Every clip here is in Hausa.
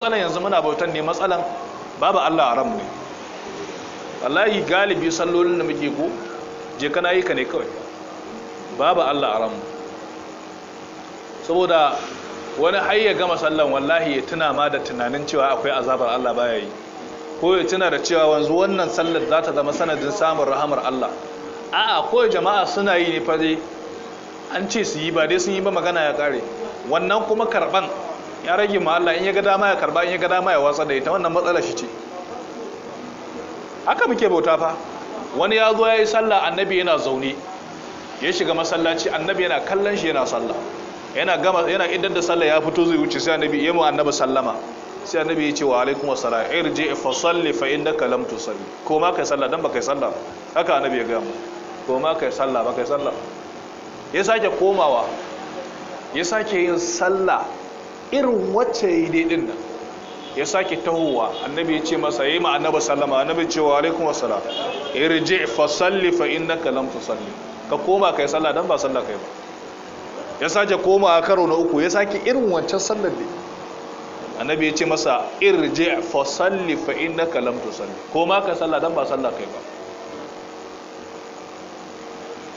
matsalan yanzu muna bautan ne matsalan babu Allah a ranmu ne wallahi galibi sallolin da muke ko je kana yi ka ne kawai babu Allah a ranmu saboda wani har ya gama sallan wallahi ya tuna ma da tunanin cewa akwai azabar Allah baya yi ko ya tuna da cewa wanzu wannan sallar za ta zama sanadin samun rahamar Allah a'a ko jama'a suna yi ne fa dai an ce su yi ba dai sun yi ba magana ya kare wannan kuma karban ya rage ma Allah in ya ga dama ya karba in ya ga dama ya watsa da ita wannan matsala shi ce haka muke bauta fa wani ya zo ya yi sallah annabi yana zaune ya shiga masallaci annabi yana kallon shi yana sallah yana gama yana idan da sallah ya fito zai wuce sai annabi ya mu annabi sallama sai annabi ya ce wa alaikum assalam irji fa salli fa innaka lam tusalli ko ma kai sallah dan ba kai sallah haka annabi ya gama ko ma kai sallah ba kai sallah ya sake komawa ya sake yin sallah irin wacce yi daidin nan ya sake tahowa annabi ya ce masa yi ma annabi sallama annabi ce wa alaikum wassalam irji fa salli fa innaka lam tusalli ka koma kai sallah dan ba sallah kai ba ya sake koma a karo na uku ya sake irin wancan sallar da annabi ya ce masa irji fa salli fa innaka lam tusalli koma ka sallah dan ba sallah kai ba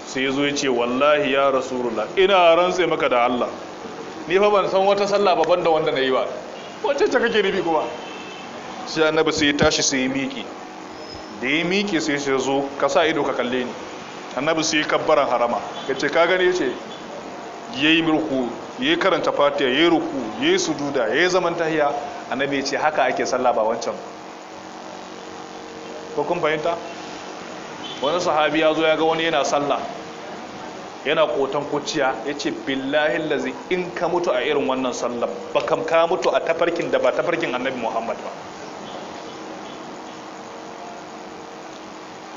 sai ya zo ya ce wallahi ya rasulullah ina rantse maka da Allah ni fa ban san wata sallah babban da wanda na yi ba wacce ta kake nufi kuma sai annabi sai tashi sai miki da ya miki sai ya zo ka sa ido ka kalle ni annabi sai kabbaran harama ya ce ka gane ce ya yi ruku ya karanta fatiya ya yi ruku ya yi sujuda ya yi zaman tahiya annabi ya ce haka ake sallah ba wancan ko kun fahimta wani sahabi ya zo ya ga wani yana sallah yana kotan kuciya ya ce billahi lazi in ka mutu a irin wannan sallar bakam ka mutu a tafarkin da ba tafarkin annabi muhammad ba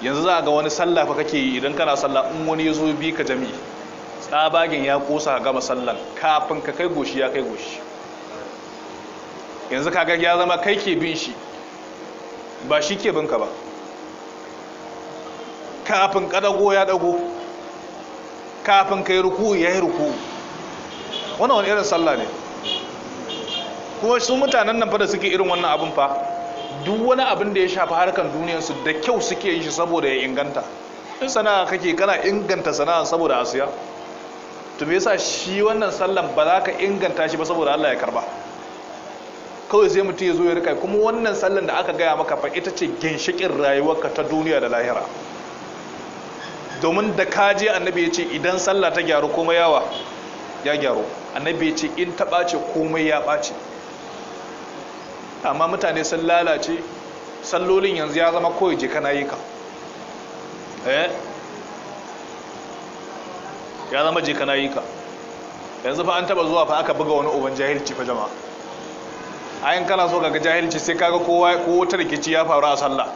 yanzu za ga wani sallah fa kake yi idan kana sallah in wani ya zo bi ka jami tsabagen ya kosa gama sallan kafin ka kai goshi ya kai goshi yanzu kaga ya zama kai ke bin shi ba shi ke bin ka ba kafin kadago ya dago kafin kai ruku ya yi ruku wannan wani irin sallah ne kuma su mutanen nan fa da suke irin wannan abin fa duk wani abin da ya shafi harkan duniyarsu da kyau suke yi shi saboda ya inganta in sana'a kake kana inganta sana'a saboda asiya to me yasa shi wannan sallan ba za ka inganta shi ba saboda Allah ya karba kawai sai mutum ya zo ya rika kuma wannan sallan da aka gaya maka fa ita ce ginshikin rayuwarka ta duniya da lahira domin da ka je annabi ya ce idan sallah ta gyaru komai yawa ya gyaru annabi ya ce in ta ɓace komai ya ɓace amma mutane sun lalace sallolin yanzu ya zama kawai je kana yi ka eh? ya zama je kana yi ka yanzu fa an taba zuwa fa aka buga wani uban jahilci fa jama'a ayin kana so kaga jahilci sai kaga kowa ko wata rikici ya faru a sallah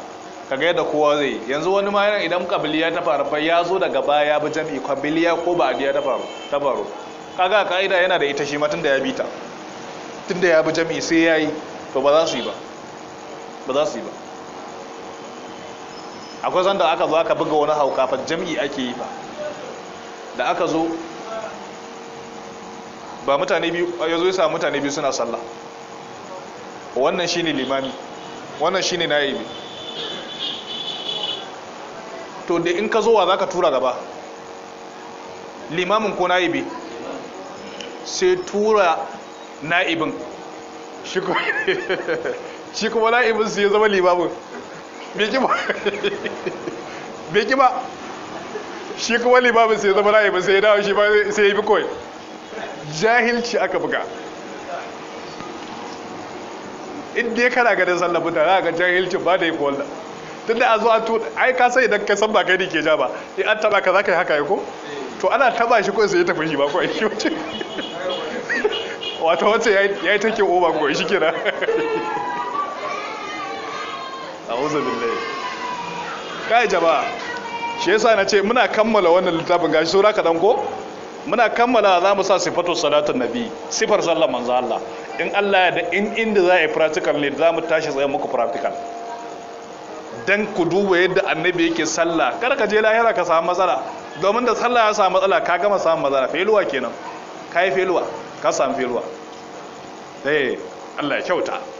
kaga yadda kowa zai yanzu wani ma yana idan kabiliya ta faru fa ya zo daga baya bi jam'i kabiliya ko ba adiya ta faru ta faru kaga kaida yana da ita shi ma tunda ya bita tunda ya bi jam'i sai yayi to ba za su yi ba ba za su yi ba akwai sanda aka zo aka buga wani hauka fa jam'i ake yi fa da aka zo ba mutane biyu ya zo ya sa mutane biyu suna sallah wannan shine limami wannan shine naibi to da in ka zo wa za ka tura gaba limamin ko na'ibi sai tura na'ibin shi kuma na'ibin su ya zama limamin bai ki ba shi kuma limamin sai zama na'ibin sai ya dawo shi ba sai ya bi kawai jahilci aka buga inda ya kana ganin sallabuta za za ga jahilcin ba da yi kowanda tunda a zuwa tu ai ka sai idan kai san ba kai ne ke ja ba in an taba ka zaka yi haka ko to ana taba shi ko sai ya tafi shi ba ko shi wace wato wace yayi take over ko shi kira a'udhu billahi kai jama'a shi yasa na ce muna kammala wannan littafin gashi saura ka dan ko muna kammala za mu sa sifatu salatu nabi sifar sallar manzo Allah in Allah ya da in inda za a yi practical ne za mu tashi tsaye muku practical dan ku duba yadda annabi yake sallah kar ka je lahira ka samu matsala domin da sallah ya samu matsala ka gama samu matsala feluwa kenan ka yi feluwa ka samu feluwa eh Allah ya kyauta